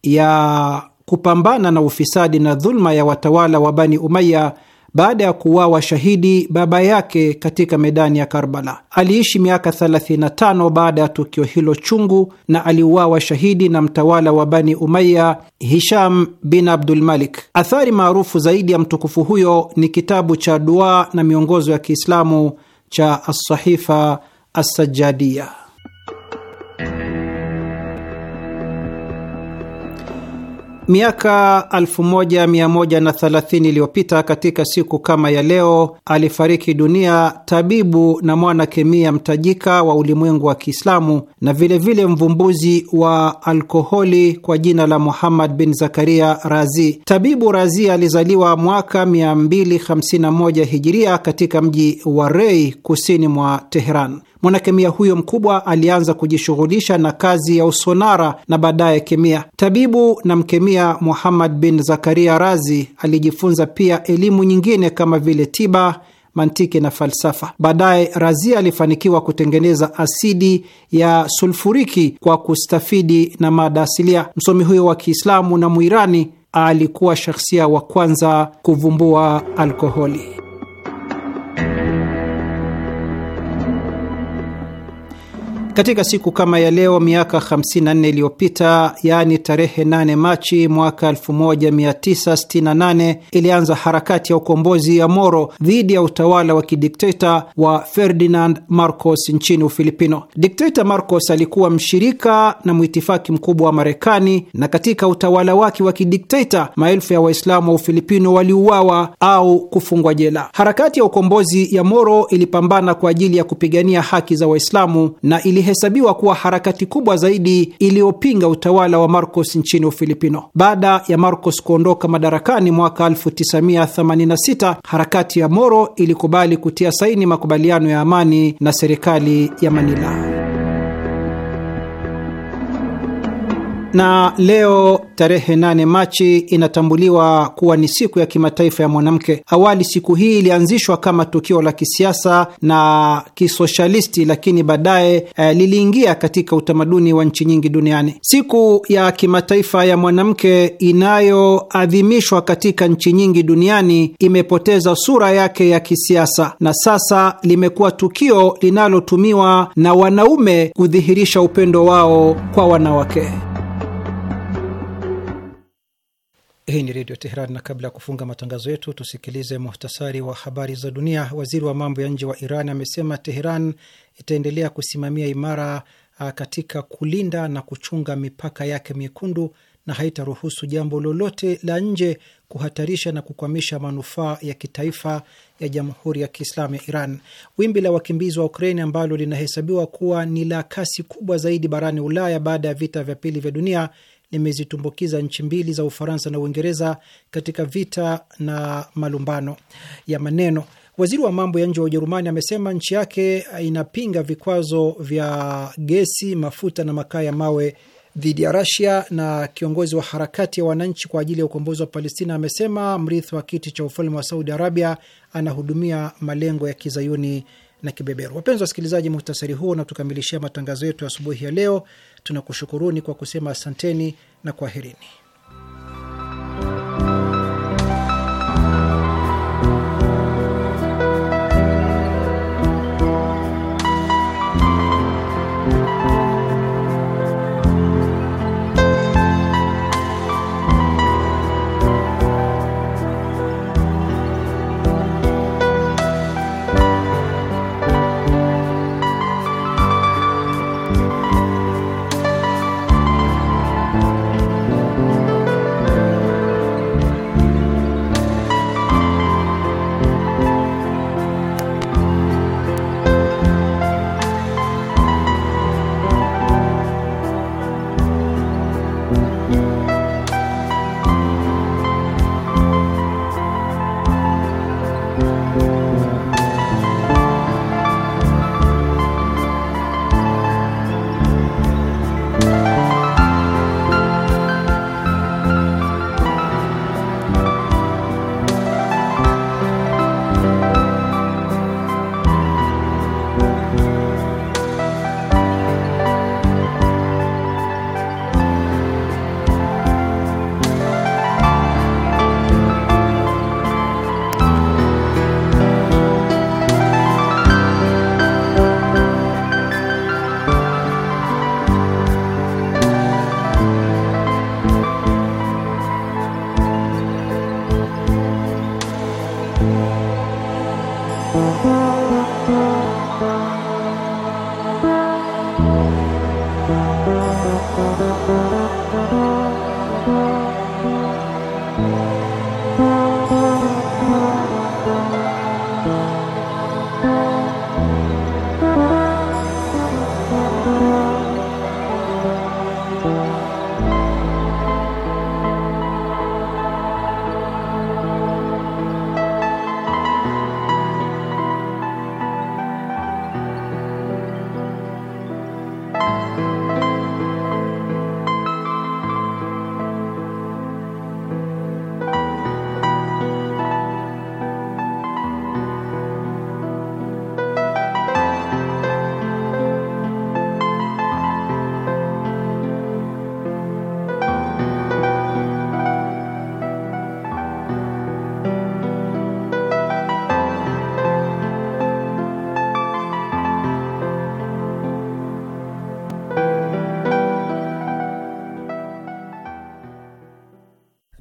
ya kupambana na ufisadi na dhulma ya watawala wa Bani Umaya baada ya kuuawa shahidi baba yake katika medani ya Karbala. Aliishi miaka 35 baada ya tukio hilo chungu, na aliuawa shahidi na mtawala wa Bani Umaya, Hisham bin Abdul Malik. Athari maarufu zaidi ya mtukufu huyo ni kitabu cha dua na miongozo ya Kiislamu cha Assahifa Assajadia. Miaka 1130 iliyopita katika siku kama ya leo alifariki dunia tabibu na mwana kemia mtajika wa ulimwengu wa Kiislamu na vilevile vile mvumbuzi wa alkoholi kwa jina la Muhammad bin Zakaria Razi. Tabibu Razi alizaliwa mwaka 251 hijiria katika mji wa Rei kusini mwa Teheran. Mwanakemia huyo mkubwa alianza kujishughulisha na kazi ya usonara na baadaye kemia. Tabibu na mkemia Muhammad bin Zakaria Razi alijifunza pia elimu nyingine kama vile tiba, mantiki na falsafa. Baadaye Razi alifanikiwa kutengeneza asidi ya sulfuriki kwa kustafidi na mada asilia. Msomi huyo wa Kiislamu na Mwirani alikuwa shakhsia wa kwanza kuvumbua alkoholi. Katika siku kama ya leo miaka 54 iliyopita, yaani tarehe 8 Machi mwaka 1968 ilianza harakati ya ukombozi ya Moro dhidi ya utawala wa kidikteta wa Ferdinand Marcos nchini Ufilipino. Dikteta Marcos alikuwa mshirika na mwitifaki mkubwa wa Marekani, na katika utawala wake wa kidikteta maelfu ya Waislamu wa Ufilipino waliuawa au kufungwa jela. Harakati ya ukombozi ya Moro ilipambana kwa ajili ya kupigania haki za Waislamu na ili ilihesabiwa kuwa harakati kubwa zaidi iliyopinga utawala wa Marcos nchini Ufilipino. Baada ya Marcos kuondoka madarakani mwaka 1986, harakati ya Moro ilikubali kutia saini makubaliano ya amani na serikali ya Manila. na leo tarehe 8 Machi inatambuliwa kuwa ni siku ya kimataifa ya mwanamke. Awali siku hii ilianzishwa kama tukio la kisiasa na kisoshalisti, lakini baadaye eh, liliingia katika utamaduni wa nchi nyingi duniani. Siku ya kimataifa ya mwanamke inayoadhimishwa katika nchi nyingi duniani imepoteza sura yake ya kisiasa na sasa limekuwa tukio linalotumiwa na wanaume kudhihirisha upendo wao kwa wanawake. Hii ni Redio Teheran, na kabla ya kufunga matangazo yetu tusikilize muhtasari wa habari za dunia. Waziri wa mambo ya nje wa Iran amesema Teheran itaendelea kusimamia imara katika kulinda na kuchunga mipaka yake miekundu na haitaruhusu jambo lolote la nje kuhatarisha na kukwamisha manufaa ya kitaifa ya Jamhuri ya Kiislamu ya Iran. Wimbi la wakimbizi wa Ukraini ambalo linahesabiwa kuwa ni la kasi kubwa zaidi barani Ulaya baada ya vita vya pili vya dunia limezitumbukiza nchi mbili za Ufaransa na Uingereza katika vita na malumbano ya maneno. Waziri wa mambo ya nje wa Ujerumani amesema nchi yake inapinga vikwazo vya gesi, mafuta na makaa ya mawe dhidi ya Rasia. Na kiongozi wa harakati ya wananchi kwa ajili ya ukombozi wa Palestina amesema mrithi wa kiti cha ufalme wa Saudi Arabia anahudumia malengo ya kizayuni na kibeberu. Wapenzi wasikilizaji, muhtasari huo na tukamilishia matangazo yetu asubuhi ya leo tunakushukuruni kwa kusema asanteni na kwaherini.